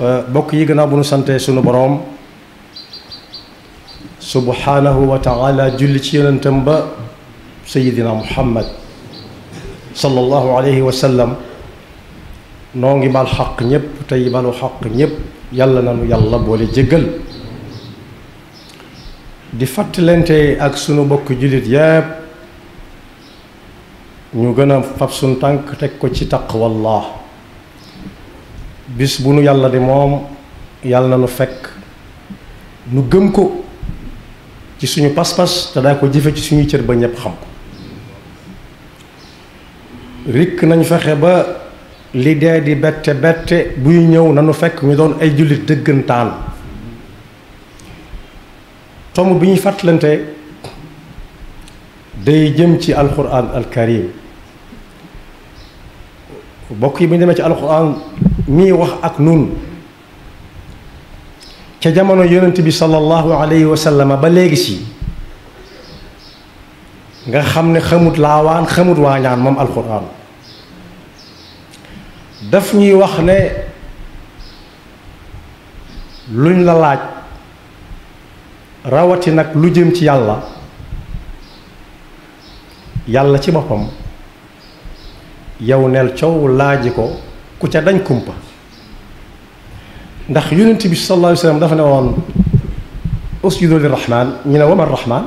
Euh, bokk yi gannaaw bu nu santee sunu boroom subhanahu wa taala julli ci yonentam ba sayidina muhammad sallallahu alayhi wa sallam noo ngi bal xaq ñépp tey balu xaq ñépp yàlla na nanu yàlla boole jéggal di fàttalente ak sunu bokk jullit yépp ñu gën a fab sunu tànk teg ko ci taqwallah bis bu nu yàlla di moom yàlla na nu fekk nu gëm ko ci suñu pas-pas te daa ko jëfe ci suñuy cër ba ñépp xam ko rikk nañu fexe ba li dee di bette bette buy ñëw nu fekk ñu doon ay jullit dëggantaan tomb bi ñuy fàttalante day jëm ci alquran al karim bokk yi bu ñu demee ci alquran mi wax ak nun ci jamono yonent bi sallallahu alayhi wa sallam ba legi ci nga xamne xamut lawan xamut waañaan mom alquran daf ñi wax ne luñ la laaj rawati nak lu jëm ci yàlla yàlla ci bopam yow nel ciow laaji ko ku ca dañ kumpa ndax yonent bi sallallahu alayhi wasallam dafa ne woon usjudu lirrahman ñu ne wama rahman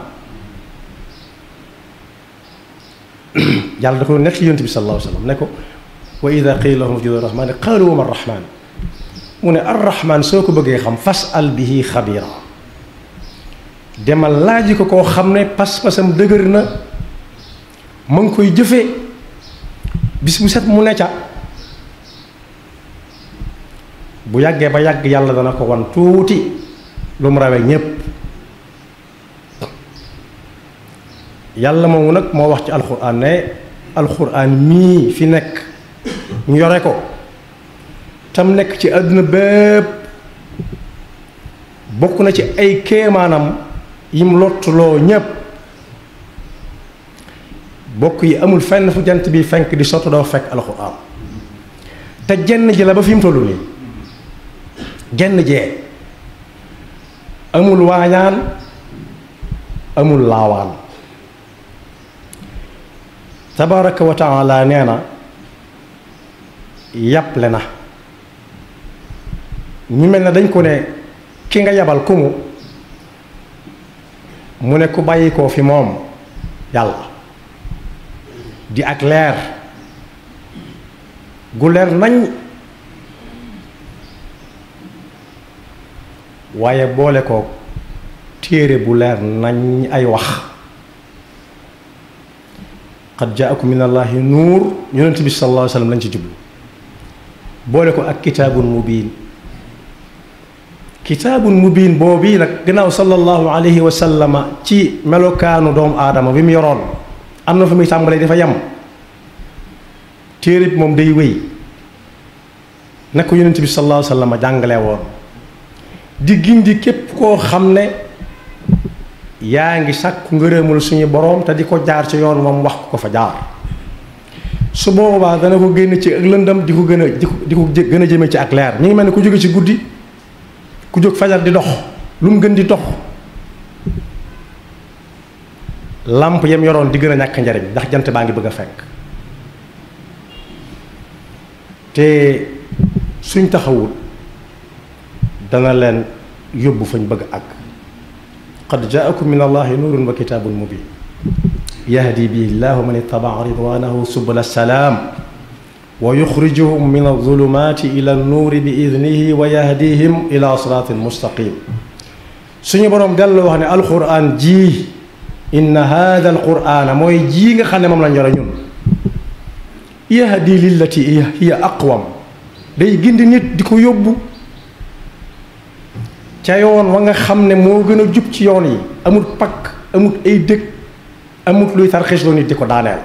yàlla da ko nekk yonent bi sallallahu alayhi wasallam ne ko wa idha qila lahum usjudu lirrahman qalu wama rahman mu ne arrahman soko ko xam fasal bihi khabira demal laaji ko ko xamne pass passam pasam dëgër na ma koy jëfé bis bu set mu ne ca bu yàggee ba yàgg yàlla dana ko wan tuuti lu mu rawee ñépp yàlla moomu nag moo wax ci alxuraan ne alxuraan mii fi nekk ñu yore ko tam nekk ci àdduna bépp bokk na ci ay kéemaanam yim lottuloo ñépp bokk yi amul fenn fu bi fenk di sotti doo fekk alxuraan te jenn ji ba fi mu tollu nii genn jee amul waañaan amul laawaan tabaraka wa taala nee na yàpple na ñu mel ne dañ ko ne ki nga yabal ku mu mu ne ku bàyyi koo fi moom yàlla di ak leer gu leer nañ waaye boole ko téere bu leer nañ ay wax qad jaakum min allahi nuur yonent bi sallallahu alayhi wa sallam lañ ci jublu boole ko ak biin mubiin kitaabun mubiin boobu nag gannaaw sallallahu alayhi wa sallama ci melokaanu doomu aadama bi mu yoroon am na fa muy tàmbalee dafa yem téere bi moom day wéy na ko yonent bi sallallahu alayhi wa jàngale woon di gindi kep ko xamne yaangi sakku ngeureumul suñu borom ta diko ko jaar ci yoon mom wax ko fa jaar su da dana ko genn ci ak lendam di ko diko gëna jëme ci ak leer ñi ngi ku joge ci guddii ku jog fajar di dox lu mu gën di dox lamp yam yoron di gëna ñak ndariñ ndax jant baangi ngi bëgg fekk té suñ taxawul dana leen yóbbu fañ bëgg àgg qad jaakum min allahi nuurun wa kitaabun mubin yahdi bihi llahu man ittabaa ridwanahu subula salaam wa yuxrijuhum min alzulumaati ila annuuri bi idnihi wa yahdihim ila siraatin mustaqim suñu boroom dellu wax ne alquran jii inna hada alqurana mooy jii nga xam ne moom lañ yore ñun yahdi lillati hiya aqwam day gindi nit di ko yóbbu ca yoon wa nga xam ne moo gën a jub ci yoon yi amul pakk amul ay dëkk amul luy tarxisloo nit di ko daaneel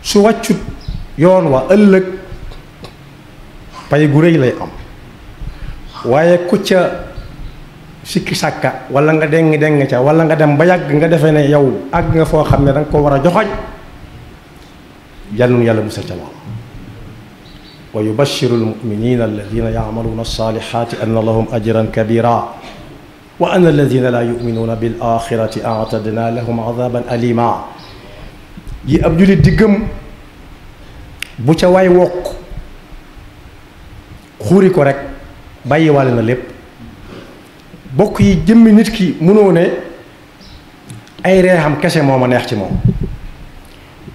su wàccut yoon wa ëllëg pay gu rëy lay am waaye ku ca sikki sàkka wala nga deng deng ca wala nga dem ba yàgg nga defee ne yow àgg nga foo xam ne danga ko war a joxoj yal yàlla musal ca loolu ويبشر المؤمنين الذين يعملون الصالحات أن لهم أجرا كبيرا وأن الذين لا يؤمنون بالآخرة أعتدنا لهم عذابا أليما يا أبجولي ديغم بوتا واي خوري كو باي والنا ليب بوك يي جيم نيت كي مونو ني اي ريحام كاسي موما نيه سي موم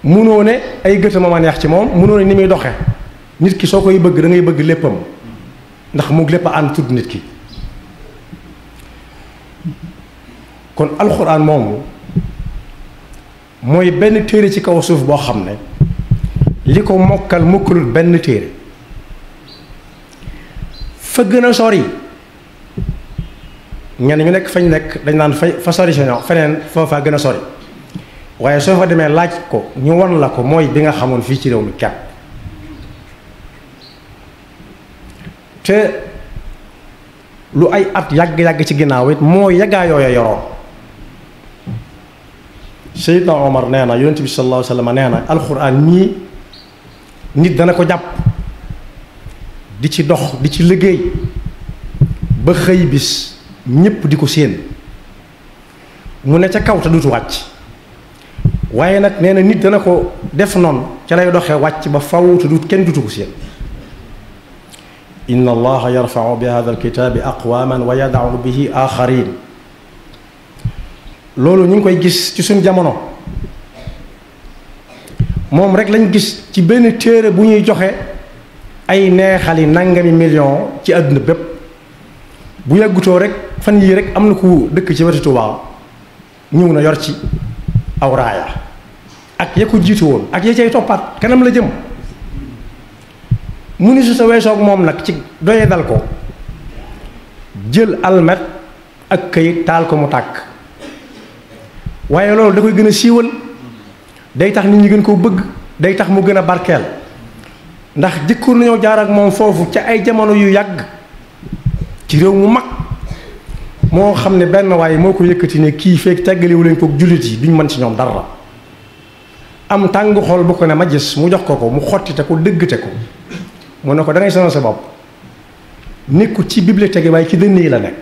مونو ني اي گيتو nit ki sokoy koy bëgg da ngay bëgg léppam ndax moog lépp an tud nit ki kon alquran mom moy ben téré ci kaw suuf bo xamné liko mokal ko ben téré fa gën sori ñan ñu nek fañ nek dañ nan fa sori ci ñoo fenen fo fa a sori waye so fa démé laaj ko ñu won la ko moy bi nga xamone fi ci réew mi kenn te lu ay at yàgg-yàgg ci ginnaaw it moo yaggaa yooya yoroon Seydina Omar nee na yonent bi sallallahu alayhi nee na alxuraan mii nit dana ko jàpp di ci dox di ci liggéey ba xëy bis ñépp di ko séen mu ne ca kaw te dutu wàcc waaye nag nee na nit dana ko def noon ca lay doxe wàcc ba faw te dut kenn dutu ko séen إن الله يرفع بهذا الكتاب أقواما ويدع به آخرين لولو نينكوي جيس تي سون جامونو موم ريك لاني جيس تي بن تير بو جوخي اي نيهالي نانغامي مليون تي أدن بيب بو يغوتو ريك فان يي ريك امنا كو دك تي وتي توبا نيو نا يور تي اورايا اك يكو جيتو اك يي تي توبات كانام لا جيم mu ni su sa weesoog moom nag ci doye dal ko jël almet ak këyit taal ko mu tàkk waaye loolu da koy gën a siiwal day tax nit ñi gën koo bëgg day tax mu gën a barkeel ndax jëkkoon nañoo jaar ak moom foofu ci ay jamono yu yàgg ci réew mu mag moo xam ne benn waaye moo ko yëkkati ne kii feeg teggaliwu leen ko jullit yi duñ mën ci ñoom dara am tàng xol bu ko ne ma gis mu jox ko ko mu xottite ko dëggte ko mu ne ko da ngay sonal sa bopp nekku ci bibliothèque way ci dënn yi la nek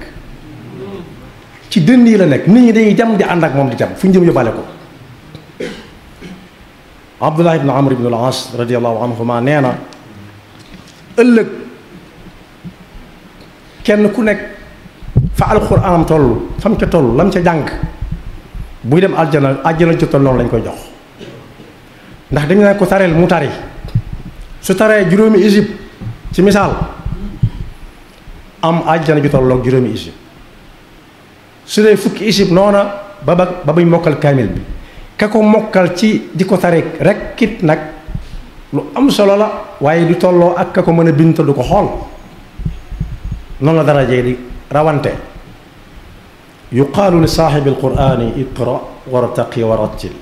ci dënn yi la nek nit ñi dañuy jam di ànd ak mom di jam fu ñu jëm yóbbaale ko abdullah ibn amr ibn al as radiyallahu anhu ma neena ëllëg kenn ku nek fa alquranam toll fam ci toll lam ci jàng buy dem aljana aljana ci toll non lañ koy jox ndax dañu ne ko sarel mu tari su taree juróomi isib ci misaal am àjjana ju tolloog juróomi isib su dee fukki isib noona ba ba ba muy mokkal kaamil bi ka ko mokkal ci di ko tari rek it nag lu am solo la waaye di tolloo ak ka ko mën a du ko xool noonu la daraje di rawante yuqaalu li saaxibi alqurani iqra wartaqi wa rattil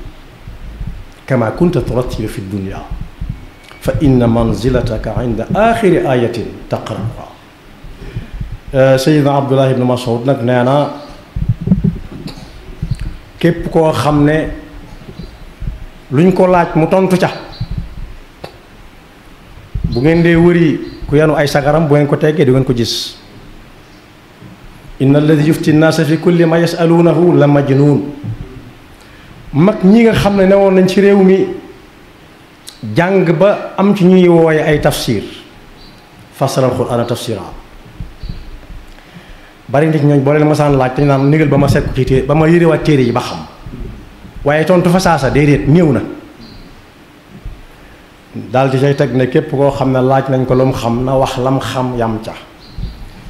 kama kunta turattilu fi dunia فإن منزلتك عند آخر آية تقرأها آه، سيدنا عبد الله بن مسعود نك نانا كيب كو خامني لوني كو لاج مو تونتو تيا بو نين دي وري كو يانو اي ساغرام بو نين كو تيغي دي كو جيس ان الذي يفتي الناس في كل ما يسالونه لمجنون مك نيغا خامني نيوون نان سي ريو مي jàng ba am ci ñuy wooye ay tafsir fassara alxuraana tafsira bari nit ñooñ boo leen masaan laaj dañu naan négal ba ma sekku ci téere ba ma yërewaat téere yi ba xam waaye tontu fa saasa déedéet néew na daal di teg ne képp koo xam ne laaj nañ ko loom xam na wax lam xam yam ca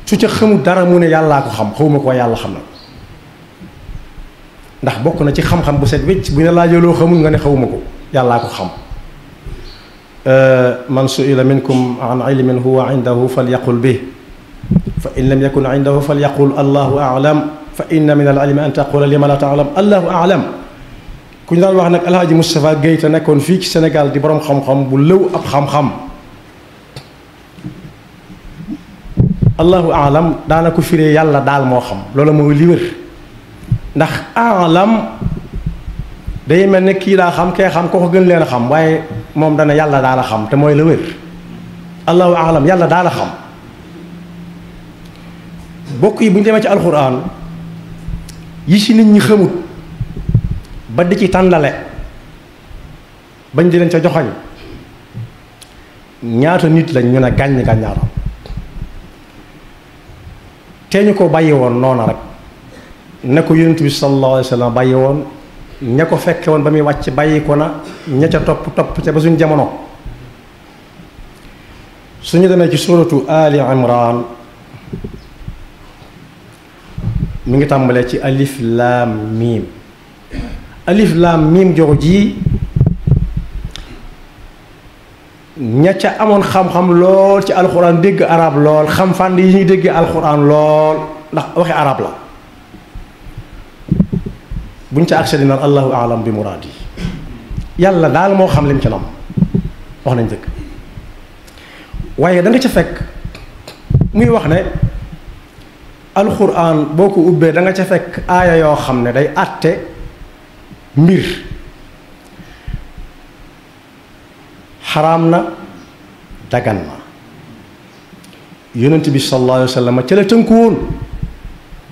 su ca xamul dara mu ne yàllaa ko xam xawma ko yàlla xam na ndax bokk na ci xam-xam bu set wécc bu ne laajee loo xamul nga ne xawma ko yàllaa ko xam آه، من سئل منكم عن علم هو عنده فليقل به فإن لم يكن عنده فليقل الله أعلم فإن من العلم أن تقول لما لا تعلم الله أعلم كن دار وحنك الهاج مصطفى جيت نكون فيك سنغال دي بروم خم خم بلو أب خم خم الله أعلم دانا كفيري يالا دال مو خم لولا مو ليور نخ أعلم دايما نكي دا خم كي خم كوخ جن لين خم واي moom dana yàlla daala xam te mooy la wér allahu alam yàlla daala xam bokk yi bu ñu demee ci alxuraan yi si nit ñi xamut ba di ci tàndale bañ di leen ca joxoñ ñaata nit lañ ñu ne gàññ gàññaatam te ñu ko bàyyi woon noona rek ne ko yonent bi sallallahu alayhi wa sallam bàyyi woon ña ko fekke woon ba muy wàcc bàyyi ko na ña ca topp topp ca ba suñ jamono suñu demee ci suratu ali imran mi ngi tàmbalee ci alif laam miim alif miim jox ji ña ca amoon xam-xam lool ci alxuraan dégg arab lool xam fànn yi ñuy dégg alxuraan lool ndax waxi arab la buñ ca accès dina allahu alam bi muraad yi yàlla daal moo xam lim ci nam wax nañ jëkk waaye danga ca fekk muy wax ne alxuraan boo ko ubbee da nga ca fekk aaya yoo xam ne day àtte mbir xaraam na dagan na yonent bi sallallahu alayhi wa sallam ca la tënku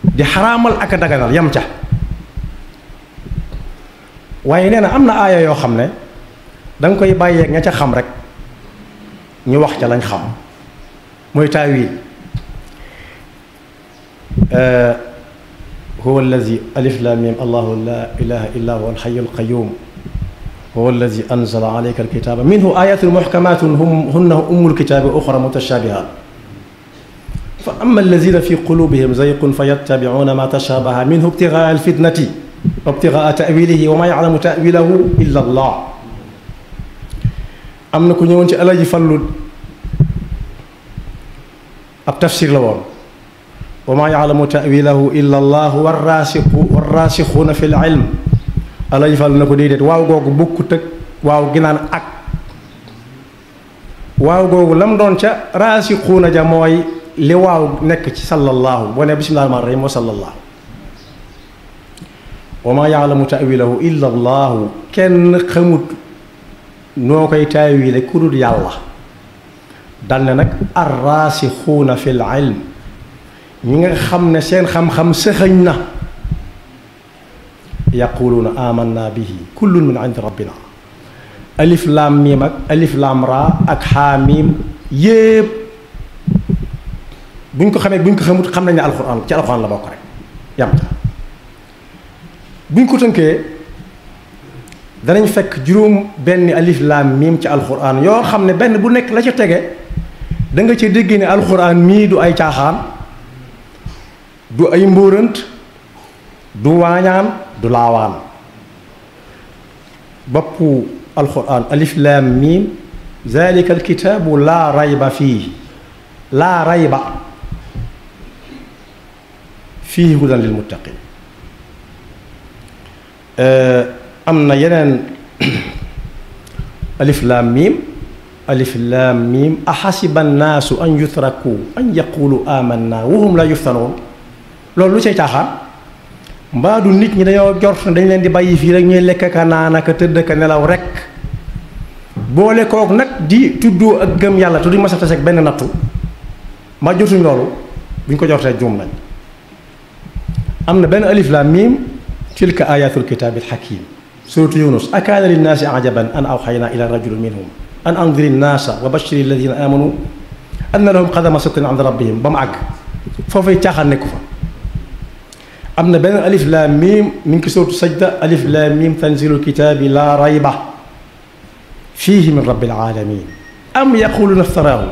di xaraamal ak a daganal yam ca waaye nee na am na aaya yoo xam ne da nga koy bàyyeeg ña ca xam rek ñu wax ca lañ xam mooy taawi huwa allazi alif lam mim allahu la ilaha illa huwa alxayu alqayum huwa allazi anzala alayka alkitaba minhu ayatun muhkamatun hunna ummu alkitabi uxra mutashabihat fa ama allazina fi qulubihim zayqun fayattabicuuna ma tashabaha minhu ibtigaa alfitnati وابتغاء تأويله وما يعلم تأويله إلا الله أمنا كن يوانت ألا يفلد التفسير لهم وما يعلم تأويله إلا الله والراسخ والراسخون في العلم ألا يفعل نقول واو غوغ بوك واو غنان أك واو غوغ لم دون راسخون جا لواو نك صلى الله وانا بسم الله الرحمن الرحيم الله وما يعلم تأويله إلا الله كن خمود نوكي تأويل كرور يالا دلنك الراسخون في العلم ينغ خم نسين خم خم سخينا يقولون آمنا به كل من عند ربنا ألف لام ميم ألف لام راء أك حاميم يب بنك خمي بنكو خمود خم نجع القرآن تعال القرآن لا بقرأ يمتى buñ ñu ko tënkee danañ fekk juróom benn alif lam mim ci alquran yo xamne benn bu nek la ci tégué da nga ci déggé ni alquran mi du ay caaxaan du ay mbourënt du waañaan du laawaan boppu alquran alif lam mim zalika alkitab la rayba fi la rayba fihi hudan lilmuttaqin am na yeneen alif laam miim alif laam miim ahasiba annaasu yutraku an yaqulu amanna wahum la yuftanoon loolu lu cay caaxaan mbaa du nit ñi dañoo jort dañ leen di bàyyi fii rek ñuy lekk ka naan tëdd ka nelaw rek boole kook nag di tuddoo ak gëm yàlla te duñ mas a tase ak benn nattu mbaa jotuñ loolu buñ ko jortee juum am na benn alif miim تلك آيات الكتاب الحكيم سورة يونس أكان للناس عجبا أن أوحينا إلى رجل منهم أن أنذر الناس وبشر الذين آمنوا أن لهم قدم صدق عند ربهم بمعك فوفي تاخر نكفا أمن بين ألف لام ميم من كسورة سجدة ألف لام ميم تنزيل الكتاب لا ريب فيه من رب العالمين أم يقولون افتراه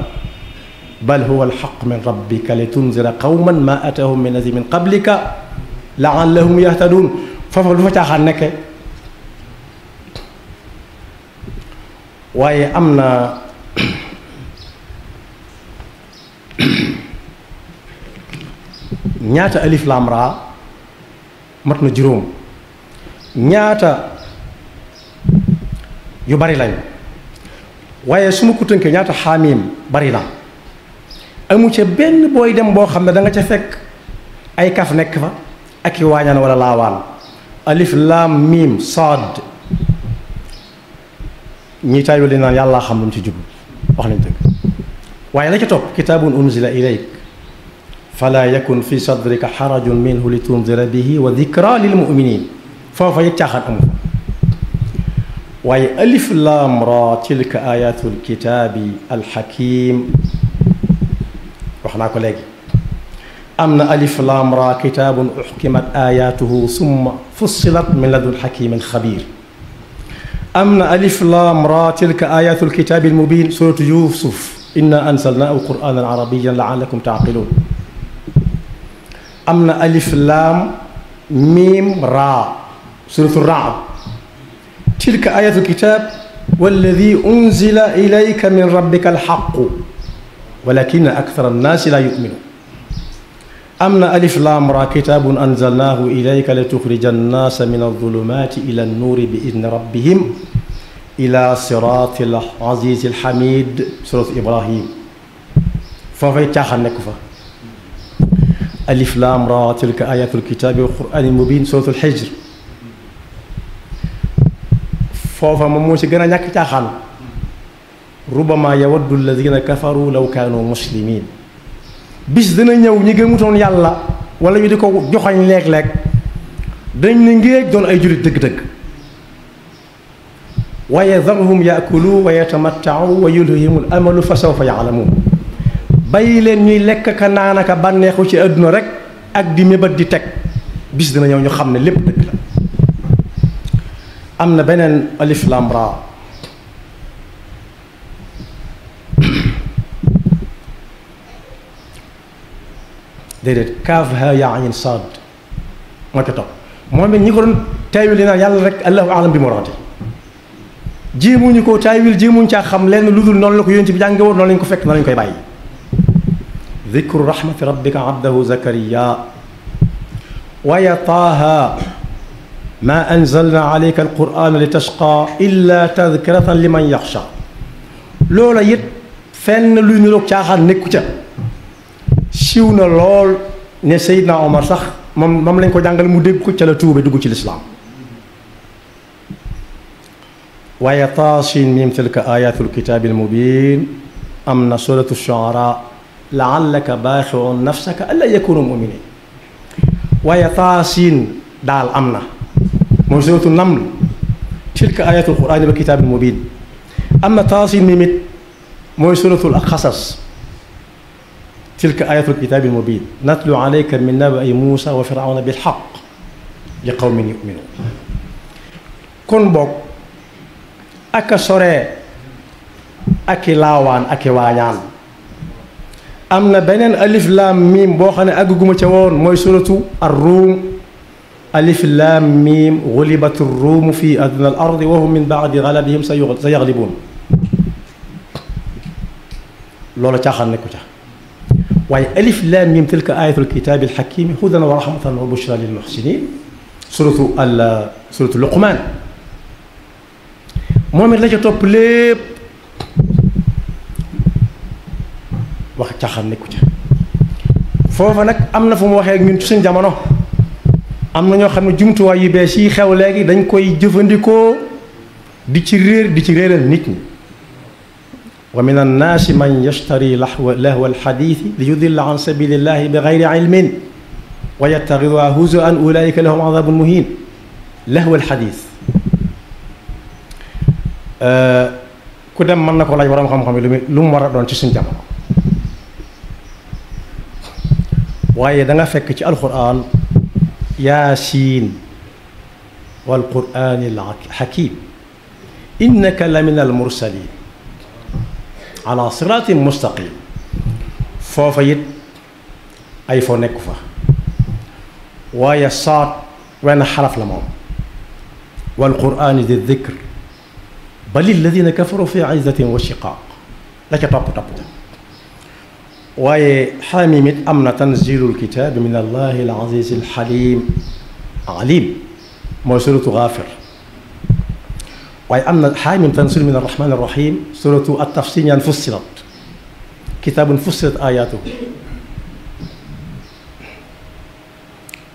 بل هو الحق من ربك لتنذر قوما ما أتهم من الذي من قبلك لعلهم يهتدون foofa du fa caaxaan nekke waaye am na ñaata alif laam raa mat na juróom ñaata yu bari lañ waaye su ma ko tënkee ñaata xaamim bari na amu ca benn booy dem boo xam ne danga ca fekk ay kaf nekk fa ak i waañaan wala laawaan alif lam miim saad ñi tayyu li naan yàllaa xam lu ci jublu wax nañ dëgg waaye la ca topp kitaabun unzila ilayk fala yakun fi sadrika harajun minhu li bihi wa dikra lil muminin foofa it caaxaan amu fa alif lam ra tilka ayatul kitabi al hakim naa ko léegi am alif lam ra kitabun uxkimat ayatuhu summa فصلت من لدن حكيم خبير أمن ألف لام را تلك آيات الكتاب المبين سورة يوسف إنا أنزلناه قرآنا عربيا لعلكم تعقلون أمن ألف لام ميم را سورة الرعد تلك آيات الكتاب والذي أنزل إليك من ربك الحق ولكن أكثر الناس لا يؤمنون أمن ألف لام را كتاب أنزلناه إليك لتخرج الناس من الظلمات إلى النور بإذن ربهم إلى صراط العزيز الحميد سورة إبراهيم ففي تاخر نكفة ألف لام را تلك آيات الكتاب والقرآن المبين سورة الحجر فوفا مموسي جنا نك ربما يود الذين كفروا لو كانوا مسلمين bis dina ñëw ñi gëmutoon yàlla wala ñu diko ko joxoñ dañ ne ngéej doon ay jullit deug deug waya zarhum yaakulu wa yatamatta'u wa yulhihimul amalu fa sawfa yaalamuun bay leen ñuy lek ka naan aka bànneexu ci aduna rek ak di mébat di tek bis dina ñëw ñu xamne lépp deug la amna benen alif lam ra dedet kaf ha ya ayin sad moo ci topp moom ñi ko don tayul dina yàlla rek allah aalam bi morati jimu ni ko taawil jéemuñ caa xam len ludul non la ko yonti bi jànge non lañ ko fek non lañ koy bàyyi dikru rahmati rabbika abdahu zakariya ويا طه ما أنزلنا عليك القرآن لتشقى إلا تذكرة لمن يخشى لولا يت فن لو نيروك تاخان نيكو siwna lol ne sayyidna Omar sax mom mom lañ ko jàngal mu deg ko ci la toube dug ci l'islam wa taasin mim tilka ayatul kitaabil mubin amna suratu shuara laallaka baaxiun nafsaka alla yakunu muminin wa taasin dal amna mo suratu naml tilka ayatul qurani ba kitaabil mubin am na mim mimit mooy suratul qasas تلك آية الكتاب المبين نتلو عليك من نبأ موسى وفرعون بالحق لقوم يؤمنون كن بوك أكا سوري أكي لاوان أكي وانيان أمنا بنين ألف لام ميم بوخاني أكو قمو تاوان موي سورة الروم ألف لام ميم غلبت الروم في أدنى الأرض وهم من بعد غلبهم سيغلبون لولا تاخر نكو تاخر واي الف لام ميم تلك آية الكتاب الحكيم هدى ورحمة وبشرى للمحسنين سورة سورة لقمان مهم لا توب ليب واخا تا خامني كوتا فوفا نك امنا فوم واخا نين تو جامانو امنا ньо خامني جومتو واي بيسي خيو لغي دنج كوي جيفانديكو دي تي رير دي تي ريرال نيت ومن الناس من يشتري لهو الحديث ليذل عن سبيل الله بغير علم ويتخذها هزءا اولئك لهم عذاب مهين لهو الحديث آه، كدم من نقول لاي ورام خام خام لوم ورا دون سي سن القران ياسين والقران الحكيم انك لمن المرسلين على صراط مستقيم فوفيت اي فو نيكو فا ويا صاد وين حرف لمام والقران ذي الذكر بل الذين كفروا في عزة وشقاق لك طب طب ويا حاميمت امن تنزيل الكتاب من الله العزيز الحليم عليم موسوعة غافر وأن حامي تنزل من الرحمن الرحيم سورة التفصيل يعني فصلت كتاب فصلت آياته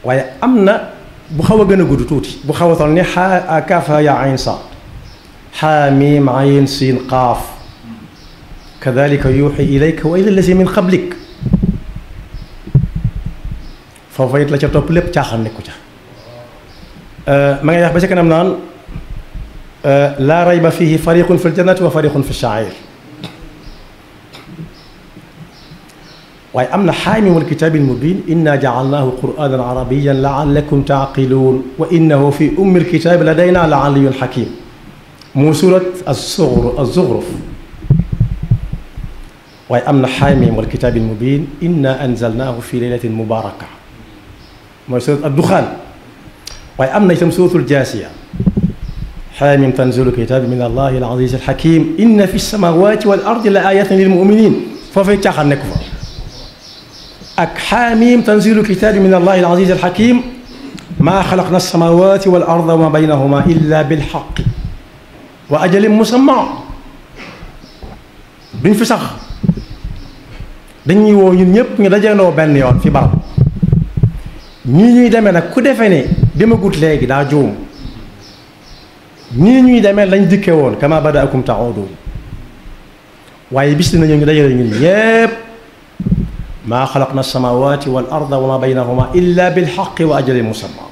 وأن بخوا جن جدوتي بخوا تنحى أكافا يا عين صاد حاميم عين سين قاف كذلك يوحي إليك وإلى الذي من قبلك ففايت لا تطلب تخانك وجه أه، ما يحبش كنا منان آه، لا ريب فيه فريق في الجنة وفريق في الشعير أمن حايم والكتاب المبين إنا جعلناه قرآنا عربيا لعلكم تعقلون وإنه في أم الكتاب لدينا لعلي حكيم موسورة الصغر الزغرف أمن حايم والكتاب المبين إنا أنزلناه في ليلة مباركة موسورة الدخان وأمن شمسوث الجاسيه حاميم تنزل كتاب من الله العزيز الحكيم إن في السماوات والأرض لآيات للمؤمنين ففي تخل نكفى أك حاميم تنزل كتاب من الله العزيز الحكيم ما خلقنا السماوات والأرض وما بينهما إلا بالحق وأجل مسمع duñ fi sax dañuy woo وبنيان في بعض dajanoo دمنا yoon fi barab ñii ñuy demee nag nii ñuy demee lañ dikke woon kama badaakum taxoodoo waaye bis dinañu ngi dajale ñun ñépp maa xalaqna alsamawati wal arda wa ma baynahuma illa bilxaqi wa ajalin musamma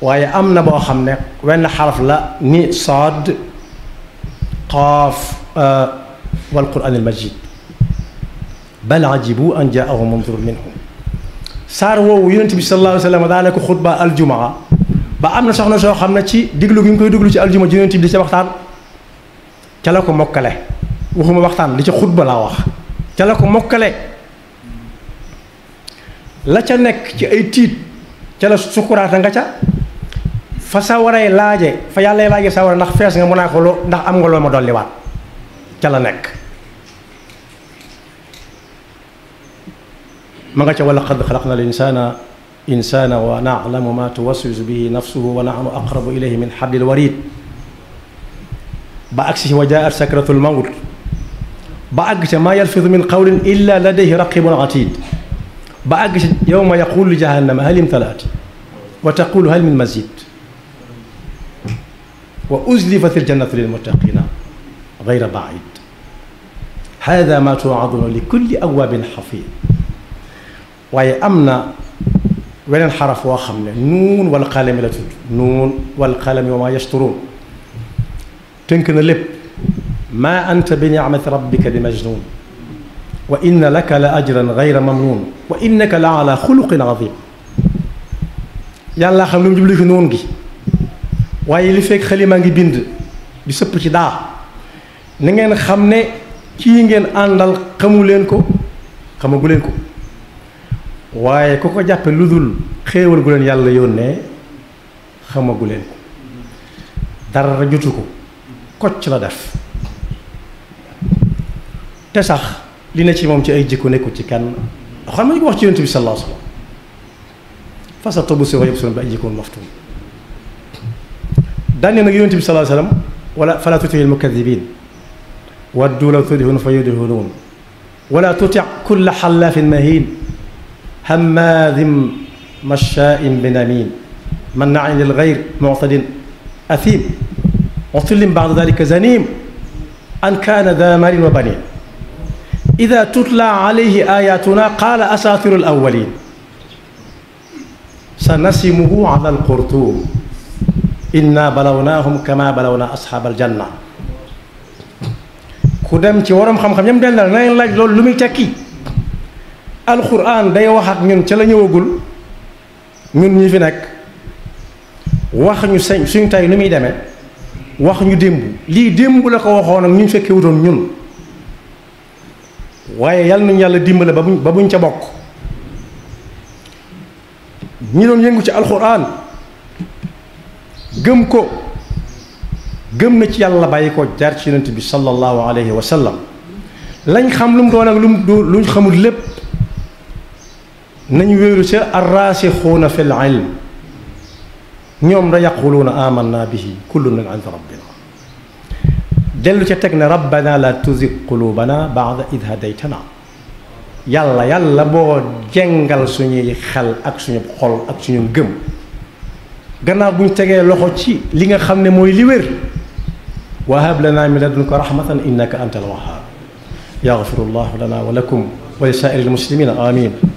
waaye am na boo xam ne wenn xaraf la ni saad qaaf wal quran al majid bal ajibu an jaahum munzir minhum saar woowu yonente bi sallallahu alayhi wa sallam daana ko xutba aljumaa ba am na soxna soo xam ne ci diglu gi ñu koy diglu ci aljuma ji yonent bi di ci waxtaan ca la ko mokkale waxuma waxtaan li ci xutba laa wax ca la ko mokkale la ca nekk ci ay tiit ca la sukuraata nga ca fa sawaree laaje fa yàlla laaje sawara ndax fees nga mun naa ko loo ndax am nga loo ma dolliwaat ca la nekk ma nga ca wala xad xalaq na al الإنسان ونعلم ما توسوس به نفسه ونحن أقرب إليه من حبل الوريد بعكسه وجاءت سكرة الموت بعكس ما يلفظ من قول إلا لديه رقيب عتيد بعكس يوم يقول لجهنم هل امتلأت وتقول هل من مزيد وأزلفت الجنة للمتقين غير بعيد هذا ما توعظنا لكل أواب حفيظ waaye ولن حرف واخم نون والقلم لا نون والقلم وما يشترون تنكن لب ما انت بنعمه ربك بمجنون وان لك لاجرا غير ممنون وانك لعلى خلق عظيم يلا خم نجيب لك نون واي لي فيك خلي ما نجي بند دي سب دا نين نعم، خم ني كي نعم، اندال خمولين كو خمغولين كو waaye ku ko jàppe lu dul xéewal gu leen yàlla yónnee xamagu leen ko dara jotu ko kocc la def te sax li ne ci moom ci ay jikko nekkul ci kenn xam nga ñu ko wax ci yonent bi sallallahu alayhi wa sallam fasa tobu si wa yubsirun bi jikko maftuun daan nag yonent bi sallallahu sallam wala fala tuti'il mukaddibiin waddu law tudhinu fa wala tuti' kulla xallaafin mahiin هماذ مشاء بنميم نعي للغير معتد أثيم وسلم بعد ذلك زنيم أن كان ذا مال وبنين إذا تتلى عليه آياتنا قال أساطير الأولين سنسمه على القرطوم إنا بلوناهم كما بلونا أصحاب الجنة كودم تي ورم خم خم xam دال dendal nañ laaj loolu القران داي واخ اك نون تي لا نيوغول نون ني في نك واخ ني سين سين تاي نمي ديمي واخ ني ديمبو لي ديمبو لا كو واخون ني فكي ودون نون واي يال نون يالا ديمبل با بون تي بوك ني دون ييغو تي القران گم كو گم نتي يالا بايكو جار تي نبي صلى الله عليه وسلم لاج خام لوم دون لوم لوم خامول لب نيو ويرو سي الراسخون في العلم نيوم لا يقولون آمنا به كل من عند ربنا دلو سي تك ربنا لا تزغ قلوبنا بعد إذ هديتنا يلا يلا بو جينغال سوني خال اك سوني خول اك سوني گم غنا بو تيغي لوخو سي ليغا خامني موي لي وير وهب لنا من لدنك رحمه انك انت الوهاب يغفر الله لنا ولكم ولسائر المسلمين امين